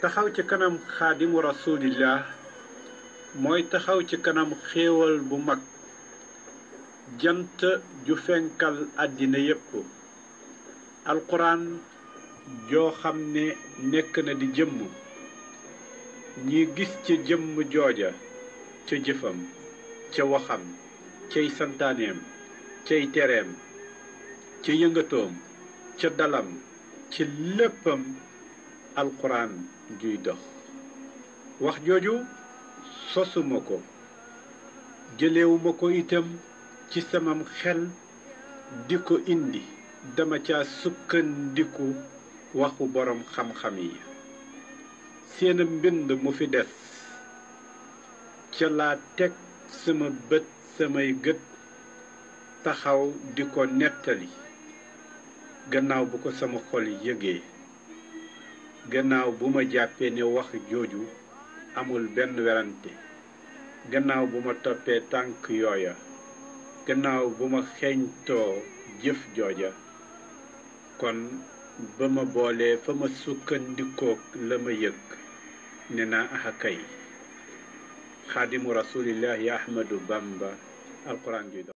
taxaw ci kanam xaadimu rasulillah mooy taxaw ci kanam xéewal bu mag jant ju fenkal àddina yépp alquran joo xam ne nekk na di jëmm ñi gis ca jëmm jooja ca jëfam ca waxam cay santaaneem cay tereem ca yëngatoom ca dalam ci léppam alxuraan juy dox wax jooju sosuma ko jëlewuma ko itam ci samam xel di ko indi dama caa sukkandiku waxu boroom xam-xam yi seen mbind mu fi des ca laa teg sama bët samay gët taxaw di ko nettali gannaaw bu ko sama xol yëgee gannaaw bu ma jàppee ne wax jooju amul benn werante gannaaw bu ma toppee tànk yooya gannaaw bu ma xeeñtoo jëf jooja kon ba ma boolee fa ma sukkandikook la ma yëg ne naa axa ah kay xaadimu rasulillahi ahmadu bamba alquran juy